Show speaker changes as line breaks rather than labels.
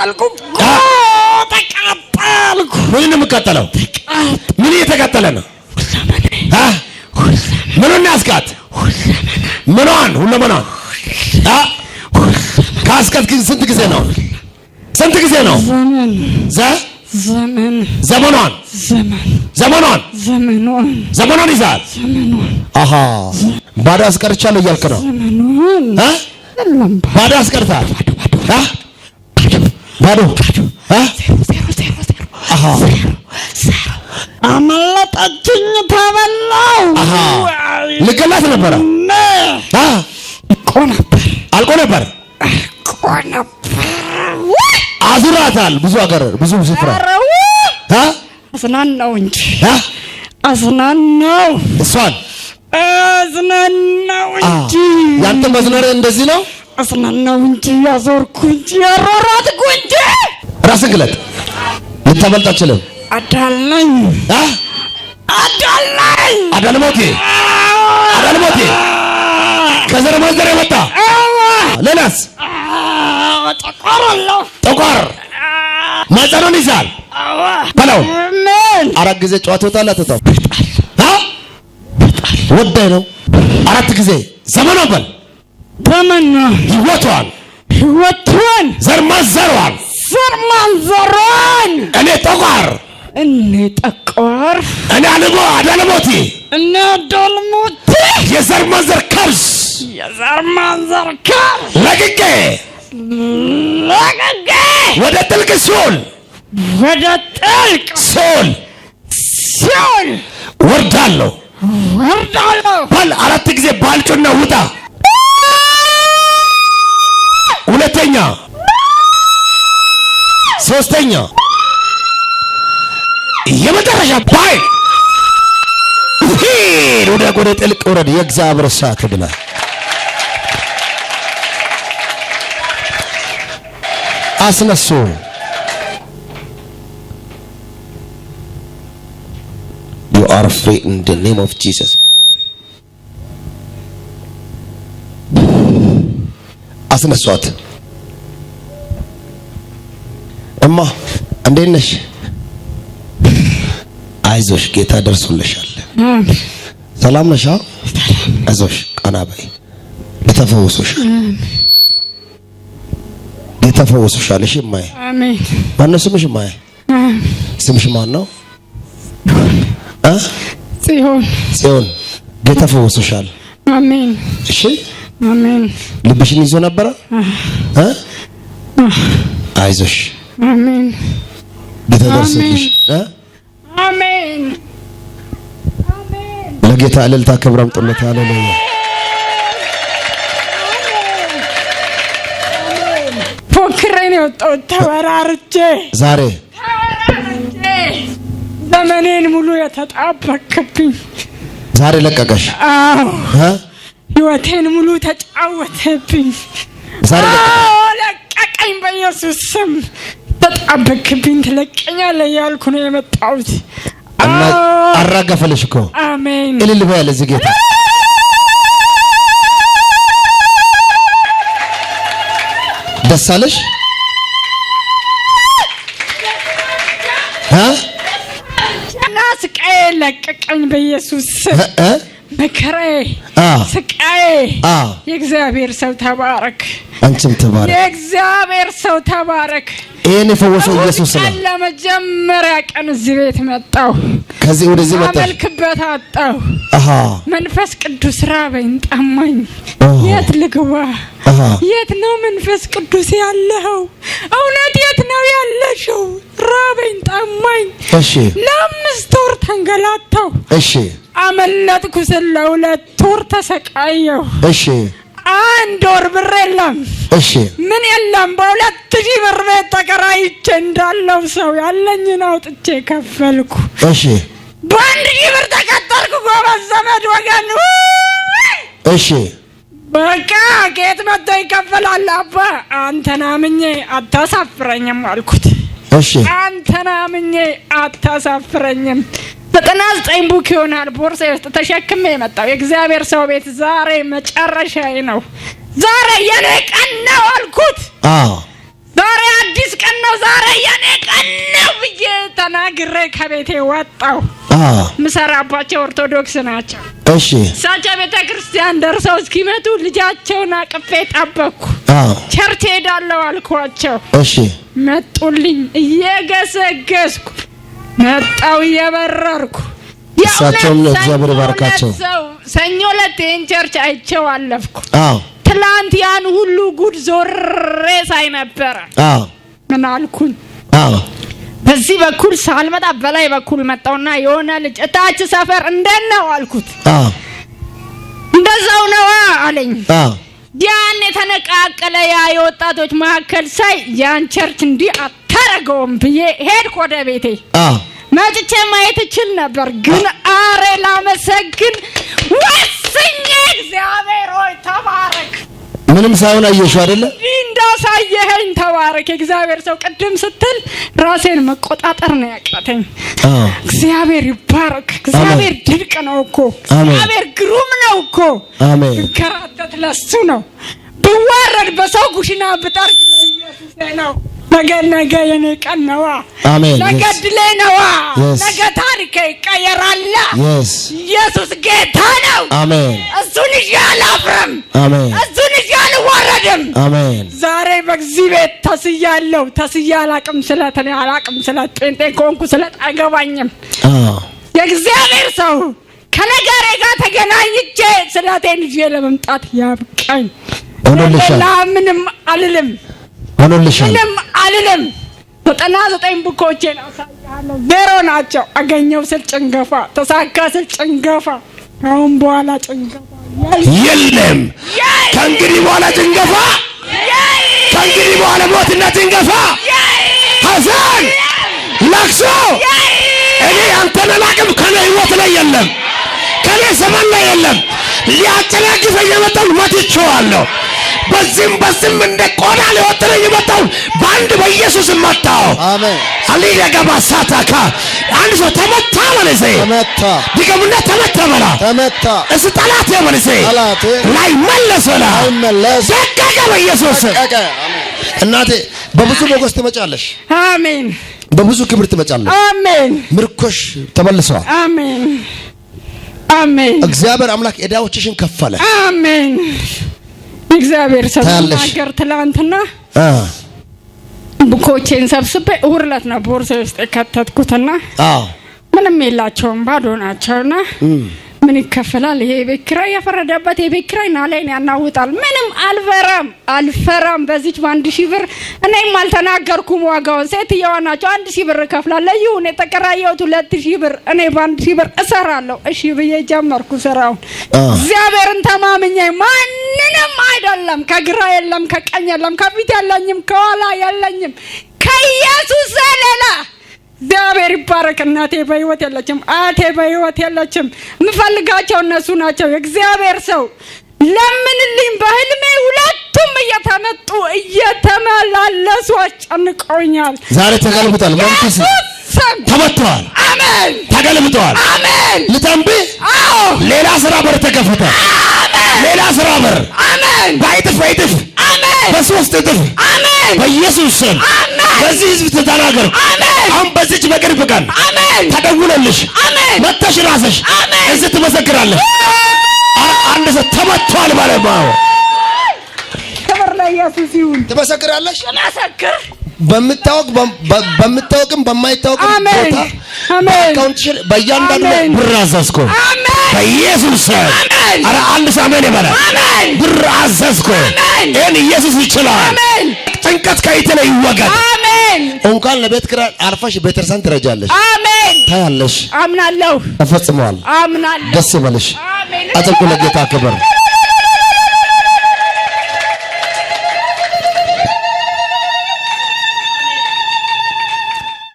ተቀበልኩ እኮ ተቀበልኩ።
ነው የምቀጠለው? ምን እየተቀጠለ ነው? ምኑን ያስቃት? ምኗን? ሁለመናዋን ካስቀት ስንት ጊዜ ነው? ስንት ጊዜ ነው?
ዘመኗን ዘመኗን
ዘመኗን ይዛል። አሃ ባዶ አስቀርቻለሁ እያልክ ነው? ባዶ አስቀርታል ባዶ
አመለጠችኝ። ተበላው
ልገላት ነበረ። አልቆ ነበር አዙራታል። ብዙ አገር ብዙ ብዙ
አዝናናው እንጂ አዝናናው እሷን አዝናናው እንጂ
ያንተ መዝናናት እንደዚህ ነው።
አጽናናው እንጂ ያዞርኩ እንጂ እንጂ።
ራስን ግለጥ፣ ልታመልጥ አትችልም። ከዘር መንዘር የመጣ ሌላስ ጠቆራለሁ ማጸኑን ይዛል አራት ጊዜ ጨዋት ወጣላ ተጣው ወዳይ ነው። አራት ጊዜ ዘመኑ በል በምን ህይወቷን ህይወቷን ዘር ማንዘሯን ዘር ማንዘሯን እኔ ጠቋር እኔ ጠቋር እኔ አልሞ አዳልሞቲ እኔ አዳልሞቲ የዘር ማንዘር ከብስ የዘር ማንዘር ከብስ ለቅቄ ለቅቄ ወደ ጥልቅ ሲኦል ወደ ጥልቅ ሲኦል ሲኦል ወርዳለሁ ወርዳለሁ ባል አራት ጊዜ ባልጩና ውጣ ሁለተኛ፣ ሶስተኛ፣ የመጨረሻ ባይ ሄድ ወደ ጎደ ጥልቅ ውረድ። የእግዚአብሔር እሳት ብላ አስነሱ። ዩ አር ፍሪ ኢን ዘ ኔም ኦፍ ጂሰስ። አስነሷት። እማ እንዴት ነሽ? አይዞሽ ጌታ ደርሶልሻል። ሰላም ነሽ? አይዞሽ ቀና በይ። ተፈውሶሻል፣ ጌታ ፈወሶሻል። እሺ እማዬ፣ አሜን። ማነው ስምሽ እማዬ? ስምሽ ማን ነው? እ ጽዮን ጽዮን። ጌታ ፈወሶሻል። አሜን። እሺ አሜን። ልብሽን ይዞ ነበረ እ አይዞሽ አሜን። ጌታ ደርሰልሽ። አሜን። ለጌታ እልልታ ክብር አምጡለት። ሃሌሉያ። ፎክሬን የወጣሁት ተበራርቼ ዛሬ ዘመኔን ሙሉ የተጣበቅብኝ ዛሬ ለቀቀሽ። አዎ ህይወቴን ሙሉ ተጫወተብኝ። ዛሬ ለቀቀኝ በኢየሱስ ስም። በጣም በክብኝ ትለቀኛለህ ያልኩ ነው የመጣሁት። አራገፈልሽ እኮ አሜን። እልል በያለ እዚህ ጌታ ደስ አለሽ እና ስቃዬ ለቀቀኝ በኢየሱስ መከራዬ ስቃዬ የእግዚአብሔር ሰው ተባረክ። አንቺም ተባረክ። የእግዚአብሔር ሰው ተባረክ። ይህን የፈወሰው ኢየሱስ ነው። ለመጀመሪያ ቀን እዚህ ቤት መጣሁ። ከዚህ ወደዚህ መጣሁ። አመልክበት አጣሁ። መንፈስ ቅዱስ ራበኝ፣ ጠማኝ። የት ልግባ? የት ነው መንፈስ ቅዱስ ያለኸው? እውነት የት ነው ያለሽው? ራበኝ፣ ጠማኝ። ለአምስት ወር ተንገላታሁ። እሺ አመለጥኩ። ስለሁለት ወር ተሰቃየሁ። እሺ አንድ ወር ብር የለም። እሺ ምን የለም። በሁለት ሺህ ብር ቤት ተከራይቼ እንዳለው ሰው ያለኝን አውጥቼ ከፈልኩ። እሺ በአንድ ሺህ ብር ተቀጠርኩ። ጎበዝ ዘመድ ወገን። እሺ በቃ ከየት መጥቶ ይከፈላል አባ? አንተን አምኜ አታሳፍረኝም አልኩት። እሺ አንተን አምኜ አታሳፍረኝም ዘጠና ዘጠኝ ቡክ ይሆናል ቦርሳ ውስጥ ተሸክሜ የመጣው የእግዚአብሔር ሰው ቤት ዛሬ መጨረሻ ነው። ዛሬ የኔ ቀን ነው አልኩት። ዛሬ አዲስ ቀን ነው፣ ዛሬ የኔ ቀን ነው ብዬ ተናግሬ ከቤቴ ወጣው። ምሰራባቸው ኦርቶዶክስ ናቸው። እሺ እሳቸው ቤተ ክርስቲያን ደርሰው እስኪመጡ ልጃቸውን አቅፌ ጠበቅኩ። ቸርች ሄዳለሁ አልኳቸው። እሺ መጡልኝ እየገሰገስኩ መጣው እየበረርኩ እሳቸውም እግዚአብሔር ይባርካቸው። ሰኞ ዕለት ይህን ቸርች አይቼው አለፍኩ። አዎ ትላንት ያን ሁሉ ጉድ ዞሬ ሳይ ነበረ። ምን አልኩኝ? በዚህ በኩል ሳልመጣ በላይ በኩል መጣውና የሆነ ልጅ እታች ሰፈር እንደት ነው አልኩት። እንደዛው ነዋ አለኝ። ያን የተነቃቀለ ያ የወጣቶች መካከል ሳይ ያን ቸርች እንዲህ አታረገውም ብዬ ሄድኩ ወደ ቤቴ። አዎ መጥቼ ማየት እችል ነበር፣ ግን አሬ ላመሰግን ወስኜ እግዚአብሔር ሆይ ተባረክ። ምንም ሳይሆን አየሽው አይደለ? እንዳሳየኸኝ ተባረክ። እግዚአብሔር ሰው ቅድም ስትል ራሴን መቆጣጠር ነው ያቃተኝ። እግዚአብሔር ይባረክ። እግዚአብሔር ድንቅ ነው እኮ እግዚአብሔር ግሩም ነው እኮ። ከራተት ለሱ ነው፣ ብዋረድ በሰው ጉሽና ብጠርግ ለኢየሱስ ነው። ነገ ነገ የኔ ቀን ነዋ። ነገ ድሌ ነዋ። ነገ ታሪኬ ይቀየራል። ኢየሱስ ጌታ ነው። እሱን ይዤ አላፍርም። እሱን ይዤ አልዋረድም። ዛሬ በዚህ ቤት ተስያለሁ። ተስዬ አላቅም፣ ስለ እኔ አላቅም፣ ስለ ጴንጤ ከሆንኩ ስለ አይገባኝም። የእግዚአብሔር ሰው ከነገሬ ጋር ተገናኝቼ ስለቴን ይዤ ለመምጣት ያብቃኝ። ምንም አልልም። ምንም አልልም። ዘጠና ዘጠኝ ቡኮቼን አሳያለሁ። ዜሮ ናቸው። አገኘው ስል ጭንገፋ፣ ተሳካ ስል ጭንገፋ። አሁን በኋላ ጭንገፋ የለም። ከእንግዲህ በኋላ ጭንገፋ፣ ከእንግዲህ በኋላ ሞትና ጭንገፋ፣ ሐዘን ለቅሶ። እኔ አንተን አላቅም። ከኔ ህይወት ላይ የለም፣ ከኔ ዘመን ላይ የለም። ሊያጨናግፈ ሞት ይችዋለሁ። በዚህም በዚህም እንደ ቆዳ ሊወጥረ ይመጣው በአንድ በኢየሱስ መጣው። አሜን። አሊያ ገባ ሳታካ አንድ ሰው ተመታ መልሴ ተመታ ድገሙና ተመታ በላ ተመታ እስ ጠላት መልሴ ጠላት ላይ መለሰ ላ መለሰ ደቀቀ በኢየሱስ እናቴ በብዙ ሞገስ ትመጫለሽ። አሜን። በብዙ ክብር ትመጫለሽ። አሜን። ምርኮሽ ተመልሰዋል። አሜን። አሜን። እግዚአብሔር አምላክ ዕዳዎችሽን ከፈለ። አሜን። እግዚአብሔር ሰናገር ትላንትና ኮቼን ሰብስቤ እሑድ ዕለት ነው ቦርሳ ውስጥ የከተትኩትና ምንም የላቸውም ባዶ ናቸውና ምን ይከፈላል? ይሄ ቤት ኪራይ ያፈረደበት የቤት ኪራይ ና ላይ ያናውጣል። ምንም አልፈራም አልፈራም። በዚች በአንድ ሺህ ብር እኔም አልተናገርኩም ዋጋውን። ሴትየዋ ናቸው አንድ ሺህ ብር እከፍላለሁ። ይሁን የተቀራየሁት ሁለት ሺህ ብር እኔ በአንድ ሺህ ብር እሰራለሁ። እሺ ብዬ ጀመርኩ ስራውን እግዚአብሔርን ተማምኜ ማንንም አይደለም። ከግራ የለም ከቀኝ የለም ከፊት የለኝም ከኋላ የለኝም ከኢየሱስ ዘሌላ እግዚአብሔር ይባረክ። እናቴ በህይወት የለችም፣ አቴ በህይወት የለችም። የምፈልጋቸው እነሱ ናቸው። የእግዚአብሔር ሰው ለምንልኝ በህልሜ ሁለቱም እየተመጡ እየተመላለሱ አስጨንቀውኛል። ዛሬ ተገልብጧል፣ መንፈስ ተመቷል፣ አሜን። ተገልብጧል፣ አሜን። ልጠንብ ሌላ ስራ በር ተከፈተ፣ ሌላ ስራ በር አሜን። ባይጥፍ ባይጥፍ በሶስት እጥፍ በኢየሱስ ስም በዚህ ህዝብ ተናገር። አሁን በዚች በቅርብ ቀን ተደውሎልሽ መተሽ ራስሽ እዚህ ትመሰክራለሽ። አንድ ሰው ተመቷል ባለማው ክብር ለኢየሱስ ይሁን። ትመሰክራለሽ መሰክር በምታወቅ በምታወቅም በማይታወቅ ቦታ አሜን። በእያንዳንዱ ብር አዘዝኩ በኢየሱስ ስም። ኧረ አንድ ሰው አሜን ይበላል። ብር አዘዝኩ። ይህን ኢየሱስ ይችላል። ጭንቀት ከይት ላይ ይወገድ። እንኳን ለቤት ኪራይ አርፋሽ ቤተክርስቲያን ትረጃለሽ። አሜን። ታያለሽ። አምናለሁ። ተፈጽመዋል። አምናለሁ። ደስ ይበልሽ። አጥብቁ ለጌታ ክብር